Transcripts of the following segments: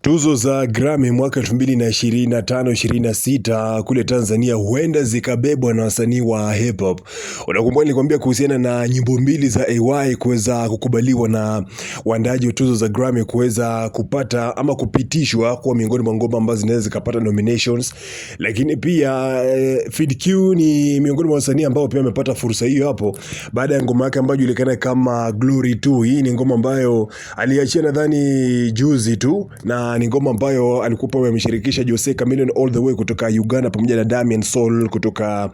Tuzo za Grammy mwaka 2025-26 kule Tanzania huenda zikabebwa na wasanii wa hip hop. Unakumbuka nilikwambia kuhusiana na nyimbo mbili za AY kuweza kukubaliwa na waandaji wa tuzo za Grammy kuweza kupata ama kupitishwa kuwa miongoni mwa ngoma ambazo zinaweza zikapata nominations, lakini pia eh, Fid-Q ni miongoni mwa wasanii ambao pia amepata fursa hiyo hapo baada ya ngoma yake ambayo inajulikana kama Glory 2. Hii ni ngoma ambayo aliachia nadhani juzi tu na ni ngoma ambayo alikuwa ameshirikisha Jose Chameleon all the way kutoka Uganda pamoja na Damian Soul kutoka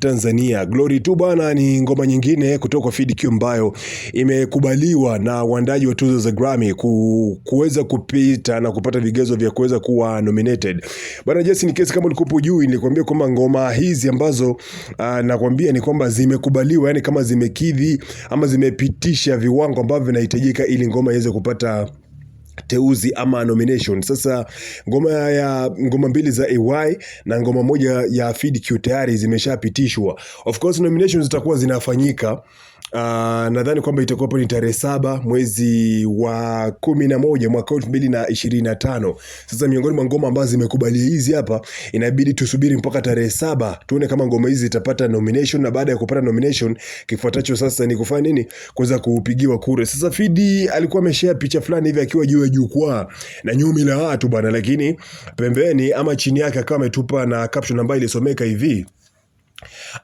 Tanzania. Glory tu bana, ni ngoma nyingine kutoka kwa Fid Q ambayo imekubaliwa na waandaji wa tuzo za Grammy ku, kuweza kupita na kupata vigezo vya kuweza kuwa nominated. Bana Jesse, ni kesi kama ulikupo juu nilikwambia kwamba ngoma hizi ambazo ah, nakwambia ni kwamba zimekubaliwa, yani kama zimekidhi ama zimepitisha viwango ambavyo vinahitajika ili ngoma iweze kupata teuzi ama nomination. Sasa ngoma ya ngoma mbili za AY na ngoma moja ya Fid Q tayari zimeshapitishwa. Of course nominations zitakuwa zinafanyika Uh, nadhani kwamba itakuwapo ni tarehe saba mwezi wa kumi na moja mwaka elfu mbili na ishirini na tano. Sasa miongoni mwa ngoma ambazo zimekubalia hizi hapa, inabidi tusubiri mpaka tarehe saba tuone kama ngoma hizi zitapata nomination, na baada ya kupata nomination kifuatacho sasa ni kufanya nini, kuweza kupigiwa kura. Sasa Fidi alikuwa ameshare picha fulani hivi akiwa juu ya jukwaa na nyumi la watu bwana, lakini pembeni ama chini yake akawa ametupa na caption ambayo ilisomeka hivi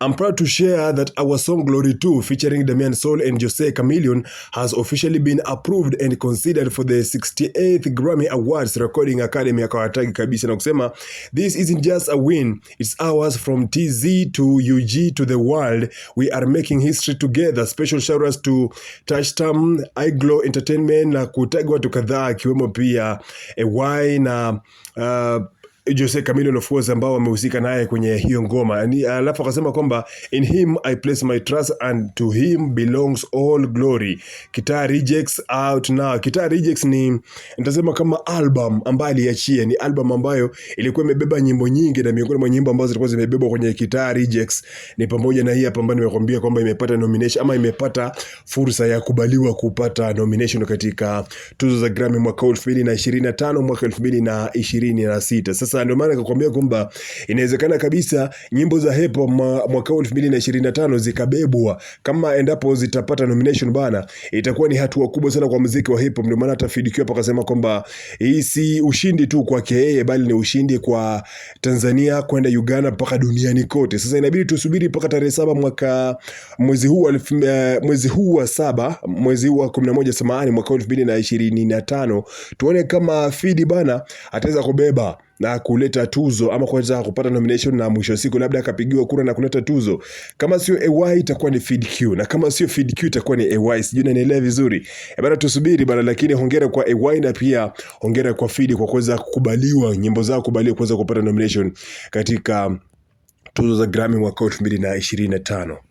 I'm proud to share that our song Glory 2 featuring Damian Soul and Jose Chameleon has officially been approved and considered for the 68th Grammy Awards Recording Academy akawatagi kabisa na kusema this isn't just a win, it's ours from TZ to UG to the world. We are making history together. Special outs to Touchtam, iGlow Entertainment na kutagwa watu kiwemo akiwemo pia EY na uh, Jose Camilo Lofuoza ambao wamehusika naye kwenye hiyo ngoma. Ah, alafu akasema kwamba in him I place my trust and to him belongs all glory. Kitaa Rejects out now. Kitaa Rejects ni nitasema kama album ambayo aliachia, ni album ambayo ilikuwa imebeba nyimbo nyingi, na miongoni mwa nyimbo ambazo zilikuwa zimebebwa kwenye Kitaa Rejects ni pamoja na hii hapa ambayo nimekuambia kwamba imepata nomination ama imepata fursa ya kubaliwa kupata nomination katika tuzo za Grammy mwaka 2025 mwaka 2026. Sasa sasa ndio maana nikakwambia kwamba inawezekana kabisa nyimbo za hip hop mwaka 2025 zikabebwa kama endapo zitapata nomination bana, itakuwa ni hatua kubwa sana kwa muziki wa hip hop. Ndio maana hata Fidq akasema kwamba hii si ushindi tu kwake yeye, bali ni ushindi kwa Tanzania kwenda Uganda mpaka duniani kote. Sasa inabidi tusubiri mpaka tarehe saba mwaka mwezi huu eh, mwezi huu wa saba mwezi huu wa 11 samahani, mwaka 2025 tuone kama Fidi bana ataweza kubeba na kuleta tuzo ama kuweza kupata nomination na mwisho siku labda akapigiwa kura na kuleta tuzo. Kama sio AY itakuwa ni FeedQ na kama sio FeedQ itakuwa ni AY. Sijui naelewa vizuri. E eh, bana, tusubiri bana, lakini hongera kwa AY na pia hongera kwa Fid kwa kuweza kukubaliwa, nyimbo zao kubaliwa kuweza kupata nomination katika tuzo za Grammy mwaka 2025.